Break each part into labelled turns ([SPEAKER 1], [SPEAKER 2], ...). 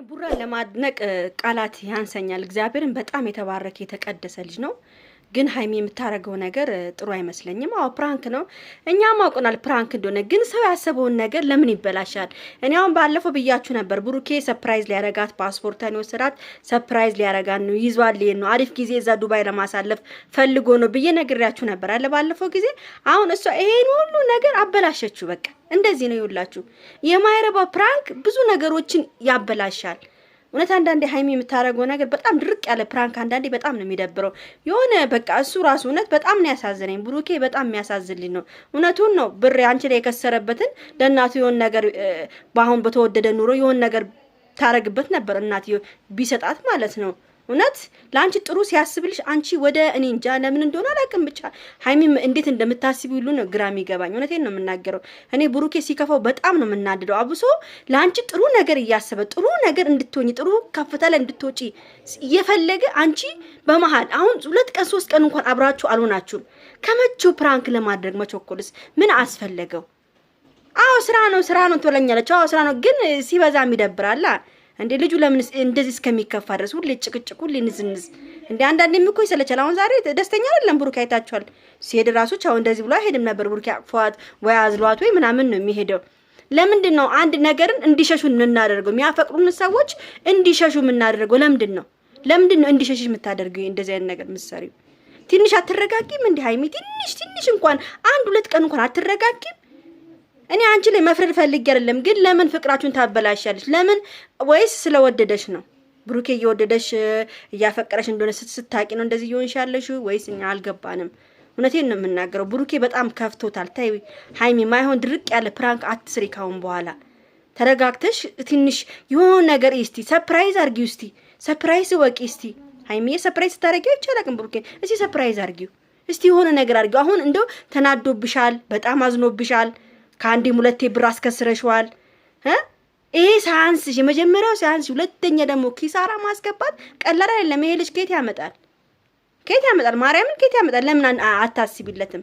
[SPEAKER 1] እኔ ለማድነቅ ቃላት ያንሰኛል። እግዚአብሔርን በጣም የተባረከ የተቀደሰ ልጅ ነው። ግን ሀይሚ የምታደርገው ነገር ጥሩ አይመስለኝም። አዎ ፕራንክ ነው፣ እኛም አውቀናል ፕራንክ እንደሆነ። ግን ሰው ያሰበውን ነገር ለምን ይበላሻል? እኔ አሁን ባለፈው ብያችሁ ነበር፣ ብሩኬ ሰፕራይዝ ሊያረጋት ፓስፖርቷን የወሰዳት ሰፕራይዝ ሊያረጋት ነው፣ ይዟል ሊሄድ ነው፣ አሪፍ ጊዜ እዛ ዱባይ ለማሳለፍ ፈልጎ ነው ብዬ ነግሬያችሁ ነበር አለ ባለፈው ጊዜ። አሁን እሷ ይሄን ሁሉ ነገር አበላሸችው። በቃ እንደዚህ ነው ይውላችሁ፣ የማይረባ ፕራንክ ብዙ ነገሮችን ያበላሻል። እውነት አንዳንዴ ሀይሚ የምታደርገው ነገር በጣም ድርቅ ያለ ፕራንክ፣ አንዳንዴ በጣም ነው የሚደብረው። የሆነ በቃ እሱ ራሱ እውነት በጣም ነው ያሳዝነኝ። ብሩኬ በጣም የሚያሳዝልኝ ነው። እውነቱን ነው። ብር አንቺ ላይ የከሰረበትን ለእናቱ የሆን ነገር በአሁን በተወደደ ኑሮ የሆን ነገር ታረግበት ነበር እናት ቢሰጣት ማለት ነው። እውነት ለአንቺ ጥሩ ሲያስብልሽ አንቺ ወደ እኔ እንጃ ለምን እንደሆነ አላውቅም። ብቻ ሀይሚም እንዴት እንደምታስቢ ሁሉ ነው ግራ የሚገባኝ። እውነቴን ነው የምናገረው። እኔ ብሩኬ ሲከፋው በጣም ነው የምናድደው። አብሶ ለአንቺ ጥሩ ነገር እያሰበ ጥሩ ነገር እንድትሆኝ ጥሩ ከፍታ ላይ እንድትወጪ እየፈለገ አንቺ በመሀል አሁን ሁለት ቀን ሶስት ቀን እንኳን አብራችሁ አልሆናችሁም። ከመቼው ፕራንክ ለማድረግ መቸኮልስ ምን አስፈለገው? አዎ ስራ ነው ስራ ነው ትበለኛለች። አዎ ስራ ነው ግን ሲበዛም ይደብራላ እንዴ ልጁ ለምን እንደዚህ እስከሚከፋ ድረስ ሁሌ ጭቅጭቅ፣ ሁሌ ንዝንዝ። እንዴ አንዳንዴም እኮ ይሰለቻል። አሁን ዛሬ ደስተኛ አይደለም ብሩኬ። አይታችኋል ሲሄድ ራሱ ቻው እንደዚህ ብሎ አይሄድም ነበር ብሩኬ። አቅፏት ወይ አዝሏት ወይ ምናምን ነው የሚሄደው። ለምንድን ነው አንድ ነገርን እንዲሸሹ የምናደርገው? የሚያፈቅሩን ሰዎች እንዲሸሹ የምናደርገው ለምንድን ነው? ለምንድን ነው እንዲሸሽ የምታደርገው? እንደዚህ አይነት ነገር ምሳሌ ትንሽ አትረጋጊም? እንዲህ ሀይሚ ትንሽ ትንሽ እንኳን አንድ ሁለት ቀን እንኳን አትረጋጊም? እኔ አንቺ ላይ መፍረድ ፈልጌ አይደለም፣ ግን ለምን ፍቅራችሁን ታበላሻለች? ለምን ወይስ ስለወደደች ነው? ብሩኬ እየወደደሽ እያፈቀረሽ እንደሆነ ስታቂ ነው እንደዚህ እየሆንሽ ያለሽው ወይስ እኛ አልገባንም? እውነቴን ነው የምናገረው። ብሩኬ በጣም ከፍቶታል። ታይ ሀይሚ፣ ማይሆን ድርቅ ያለ ፕራንክ አትስሪ ካሁን በኋላ ተረጋግተሽ ትንሽ የሆነ ነገር እስቲ ሰፕራይዝ አርጊ፣ እስቲ ሰፕራይዝ ወቂ፣ እስቲ ሀይሚዬ ሰፕራይዝ ስታደርጊው ይቻላቅም። ብሩኬ እስቲ ሰፕራይዝ አርጊው፣ እስቲ የሆነ ነገር አርጊው። አሁን እንደው ተናዶብሻል፣ በጣም አዝኖብሻል። ከአንዴም ሁለቴ ብር አስከስረሸዋል። ይሄ ሳያንስ የመጀመሪያው ሳያንስ፣ ሁለተኛ ደግሞ ኪሳራ ማስገባት ቀላል አይደለም። ይሄ ልጅ ኬት ያመጣል? ኬት ያመጣል? ማርያምን ኬት ያመጣል? ለምን አታስቢለትም?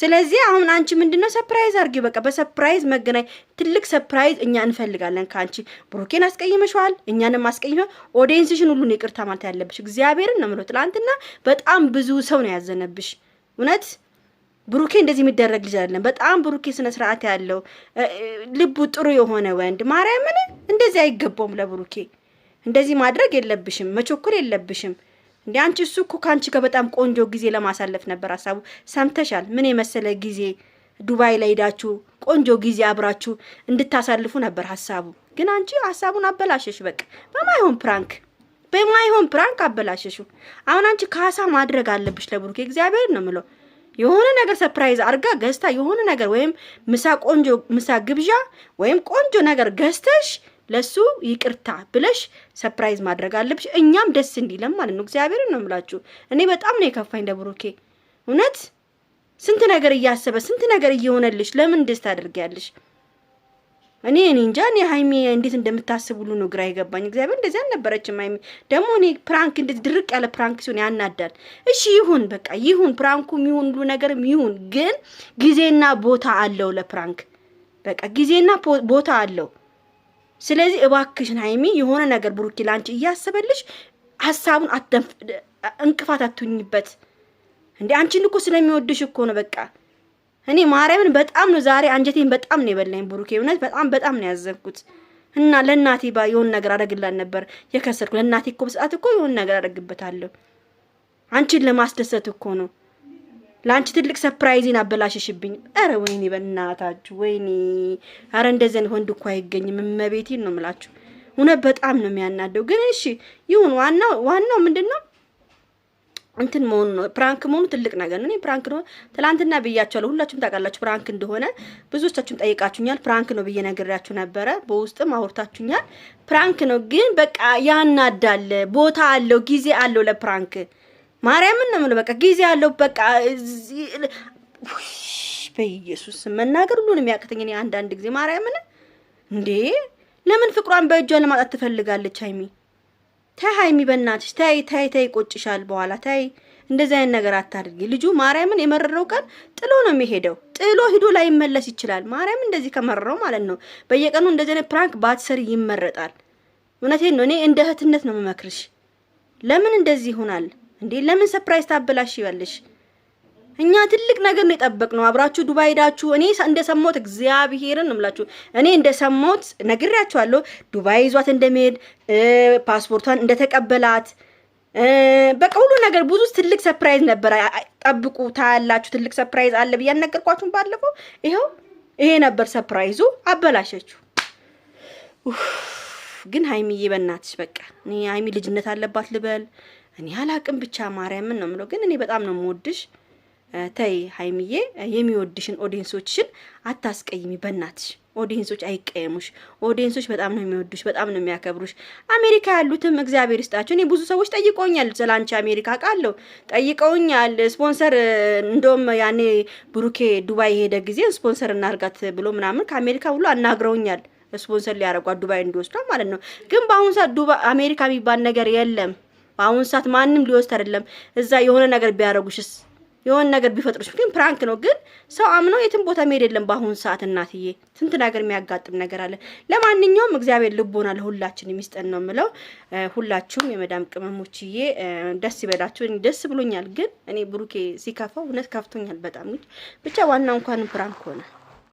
[SPEAKER 1] ስለዚህ አሁን አንቺ ምንድነው ሰፕራይዝ አርጊ። በቃ በሰፕራይዝ መገናኝ። ትልቅ ሰፕራይዝ እኛ እንፈልጋለን ከአንቺ። ብሩኬን አስቀይመሸዋል፣ እኛንም አስቀይመ ኦዲየንስሽን ሁሉን ይቅርታ ማለት ያለብሽ እግዚአብሔርን ነው ምለው። ትላንትና በጣም ብዙ ሰው ነው ያዘነብሽ እውነት ብሩኬ እንደዚህ የሚደረግ ልጅ አይደለም። በጣም ብሩኬ ስነ ስርዓት ያለው ልቡ ጥሩ የሆነ ወንድ ማርያምን፣ እንደዚህ አይገባውም ለብሩኬ። እንደዚህ ማድረግ የለብሽም መቸኮል የለብሽም። እንዲ አንቺ እሱ እኮ ከአንቺ ጋር በጣም ቆንጆ ጊዜ ለማሳለፍ ነበር ሀሳቡ። ሰምተሻል? ምን የመሰለ ጊዜ ዱባይ ላይ ሄዳችሁ ቆንጆ ጊዜ አብራችሁ እንድታሳልፉ ነበር ሀሳቡ። ግን አንቺ ሀሳቡን አበላሸሽ። በቃ በማይሆን ፕራንክ በማይሆን ፕራንክ አበላሸሹ። አሁን አንቺ ካሳ ማድረግ አለብሽ ለብሩኬ። እግዚአብሔር ነው ምለው የሆነ ነገር ሰርፕራይዝ አድርጋ ገዝታ የሆነ ነገር ወይም ምሳ ቆንጆ ምሳ ግብዣ ወይም ቆንጆ ነገር ገዝተሽ ለሱ ይቅርታ ብለሽ ሰርፕራይዝ ማድረግ አለብሽ። እኛም ደስ እንዲለም ማለት ነው። እግዚአብሔርን ነው የምላችሁ። እኔ በጣም ነው የከፋኝ ለብሩኬ እውነት ስንት ነገር እያሰበ ስንት ነገር እየሆነልሽ ለምን ደስ ታደርጊያለሽ? እኔ እኔ እንጃ እኔ ሀይሚ እንዴት እንደምታስብ ሁሉ ነው ግራ የገባኝ። እግዚአብሔር እንደዚህ አልነበረችም። ሀይሚ ደግሞ እኔ ፕራንክ እንደዚህ ድርቅ ያለ ፕራንክ ሲሆን ያናዳል። እሺ ይሁን፣ በቃ ይሁን፣ ፕራንኩም ይሁን፣ ሁሉ ነገርም ይሁን፣ ግን ጊዜና ቦታ አለው ለፕራንክ። በቃ ጊዜና ቦታ አለው። ስለዚህ እባክሽን ሀይሚ የሆነ ነገር ብሩኪ ላንቺ እያሰበልሽ ሀሳቡን እንቅፋት አትሁኝበት። እንደ አንቺን እኮ ስለሚወድሽ እኮ ነው በቃ እኔ ማርያምን በጣም ነው ዛሬ አንጀቴን በጣም ነው የበላኝ። ብሩኬ እውነት በጣም በጣም ነው ያዘንኩት እና ለእናቴ የሆን ነገር አደርግላት ነበር የከሰርኩ። ለእናቴ እኮ በሰዓት እኮ የሆን ነገር አደርግበታለሁ። አንቺን ለማስደሰት እኮ ነው። ለአንቺ ትልቅ ሰፕራይዜን አበላሸሽብኝ። ኧረ ወይኔ በእናታችሁ ወይኔ! ኧረ እንደዚያን ወንድ እኮ አይገኝም። እመቤቴን ነው የምላችሁ። እውነት በጣም ነው የሚያናደው። ግን እሺ ይሁን። ዋናው ዋናው ምንድን ነው እንትን መሆኑ ነው። ፕራንክ መሆኑ ትልቅ ነገር ነው። እኔ ፕራንክ ነው ትላንትና ብያቸዋለሁ። ሁላችሁም ታውቃላችሁ ፕራንክ እንደሆነ። ብዙዎቻችሁም ጠይቃችሁኛል። ፕራንክ ነው ብዬ ነግሬያችሁ ነበረ። በውስጥም አውርታችሁኛል። ፕራንክ ነው ግን በቃ ያናዳል። ቦታ አለው፣ ጊዜ አለው ለፕራንክ። ማርያምን ነው የምለው። በቃ ጊዜ አለው። በቃ በኢየሱስ መናገር ሁሉንም ያቅተኝ እኔ አንዳንድ ጊዜ ማርያምን እንዴ! ለምን ፍቅሯን በእጇ ለማጣት ትፈልጋለች ሀይሚ? ተይ ሀይሚ በእናትሽ ተይ ተይ ተይ፣ ቆጭሻል በኋላ ተይ፣ እንደዚህ አይነት ነገር አታድርጊ። ልጁ ማርያምን የመረረው ቀን ጥሎ ነው የሚሄደው። ጥሎ ሂዶ ላይ ይመለስ ይችላል። ማርያም እንደዚህ ከመረረው ማለት ነው። በየቀኑ እንደዚህ አይነት ፕራንክ ባትሰሪ ይመረጣል። እውነቴን ነው። እኔ እንደ እህትነት ነው መመክርሽ። ለምን እንደዚህ ይሆናል እንዴ? ለምን ሰፕራይዝ ታበላሽ ይበልሽ እኛ ትልቅ ነገር ነው የጠበቅነው። አብራችሁ ዱባይ ሄዳችሁ እኔ እንደሰማሁት እግዚአብሔርን እምላችሁ እኔ እንደሰማሁት ነግሬያችኋለሁ። ዱባይ ይዟት እንደሚሄድ ፓስፖርቷን እንደተቀበላት በቃ ሁሉ ነገር ብዙ ትልቅ ሰፕራይዝ ነበር ጠብቁ ታያላችሁ፣ ትልቅ ሰፕራይዝ አለ ብዬ አልነገርኳችሁም ባለፈው? ይኸው ይሄ ነበር ሰፕራይዙ አበላሸችሁ ግን ሀይሚዬ፣ በእናትሽ በቃ እኔ ሀይሚ ልጅነት አለባት ልበል እኔ አላቅም። ብቻ ማርያምን ነው የምለው። ግን እኔ በጣም ነው የምወድሽ ተይ ሀይሚዬ፣ የሚወድሽን ኦዲየንሶችሽን አታስቀይሚ በእናትሽ። ኦዲየንሶች አይቀየሙሽ። ኦዲየንሶች በጣም ነው የሚወዱሽ፣ በጣም ነው የሚያከብሩሽ። አሜሪካ ያሉትም እግዚአብሔር ይስጣቸው። እኔ ብዙ ሰዎች ጠይቀውኛል፣ ስለአንቺ አሜሪካ ቃለው ጠይቀውኛል። ስፖንሰር እንደውም ያኔ ብሩኬ ዱባይ የሄደ ጊዜ ስፖንሰር እናርጋት ብሎ ምናምን ከአሜሪካ ሁሉ አናግረውኛል፣ ስፖንሰር ሊያደርጓት ዱባይ እንዲወስዷ ማለት ነው። ግን በአሁኑ ሰዓት ዱባይ አሜሪካ የሚባል ነገር የለም። በአሁኑ ሰዓት ማንም ሊወስድ አይደለም። እዛ የሆነ ነገር ቢያደርጉሽስ የሆነ ነገር ቢፈጥሩሽ፣ ግን ፕራንክ ነው። ግን ሰው አምነው የትም ቦታ መሄድ የለም። በአሁኑ ሰዓት እናትዬ ስንት ነገር የሚያጋጥም ነገር አለ። ለማንኛውም እግዚአብሔር ልቦና ለሁላችን የሚስጠን ነው የምለው። ሁላችሁም የመዳም ቅመሞችዬ ደስ ይበላችሁ። ደስ ብሎኛል። ግን እኔ ብሩኬ ሲከፋው እውነት ከፍቶኛል በጣም ብቻ ዋና እንኳን ፕራንክ ሆነ።